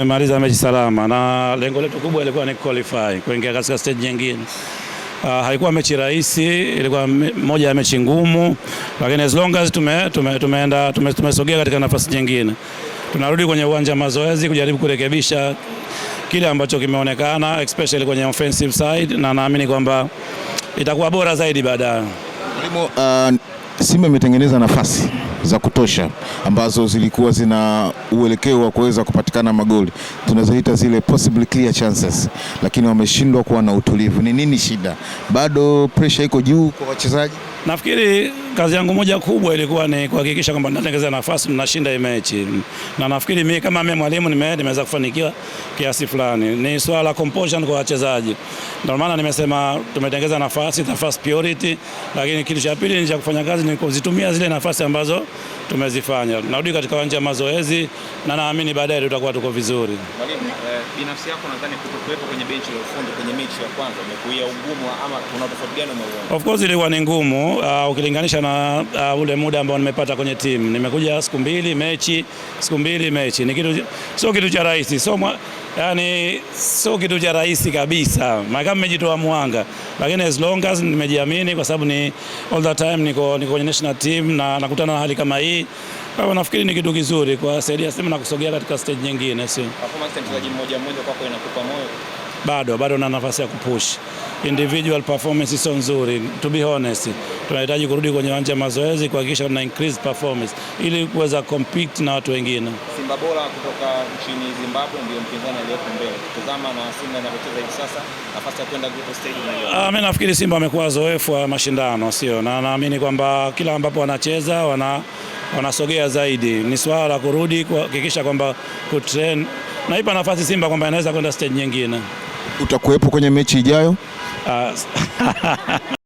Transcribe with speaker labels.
Speaker 1: Tumemaliza mechi salama na lengo letu kubwa ilikuwa ni qualify kuingia katika stage nyingine. Uh, haikuwa mechi rahisi, ilikuwa moja ya mechi ngumu, lakini as long as tume, tume, tumeenda tume, tumesogea katika nafasi nyingine. Tunarudi kwenye uwanja mazoezi kujaribu kurekebisha kile ambacho kimeonekana especially kwenye offensive side, na naamini kwamba itakuwa bora zaidi baadaye.
Speaker 2: Mwalimu, uh, Simba imetengeneza nafasi za kutosha ambazo zilikuwa zina uelekeo wa kuweza kupatikana magoli, tunazoita zile possible clear chances, lakini wameshindwa kuwa na utulivu. Ni nini shida? Bado pressure iko juu kwa wachezaji?
Speaker 1: Nafikiri kazi yangu moja kubwa ilikuwa ni kuhakikisha kwamba natengeza nafasi tunashinda hii mechi, na nafikiri mimi kama mimi mwalimu nimeweza kufanikiwa kiasi fulani. Ni swala la composition kwa wachezaji, ndio maana nimesema tumetengeza nafasi, nafasi priority, lakini kitu cha pili ni cha kufanya kazi ni kuzitumia zile nafasi ambazo tumezifanya, Narudi katika uwanja wa mazoezi na naamini baadaye tutakuwa tuko vizuri.
Speaker 3: Mwalimu, eh, binafsi yako nadhani kutokuwepo kwenye benchi la ufundi kwenye mechi ya kwanza umekuia ugumu ama kuna tofauti gani umeona?
Speaker 1: Of course ilikuwa ni ngumu uh, ukilinganisha na uh, ule muda ambao nimepata kwenye timu. Nimekuja siku mbili mechi, siku mbili mechi, ni kitu sio kitu cha rahisi so, yani sio kitu cha rahisi kabisa, maana mmejitoa mwanga, lakini as long as nimejiamini, kwa sababu ni all the time niko niko kwenye national team na nakutana na hali kama hii. Kwa hiyo nafikiri ni kitu kizuri kwa saidia Simba na kusogea katika stage nyingine, sio bado bado na nafasi ya kupush. Individual performance sio nzuri, to be honest. Tunahitaji kurudi kwenye uwanja wa mazoezi kuhakikisha tuna increase performance ili kuweza compete na watu wengine.
Speaker 3: Simba bora kutoka nchini Zimbabwe ndio mpinzani aliyepo mbele. Tazama na Simba inapocheza hivi sasa, nafasi ya kwenda group stage.
Speaker 1: Ah, mimi nafikiri Simba amekuwa zoefu wa mashindano, sio na naamini kwamba kila ambapo wanacheza wana wanasogea zaidi. Ni swala la kurudi kuhakikisha kwamba kutrain naipa nafasi Simba kwamba inaweza kwenda stage nyingine.
Speaker 2: Utakuwepo kwenye mechi ijayo? Ah,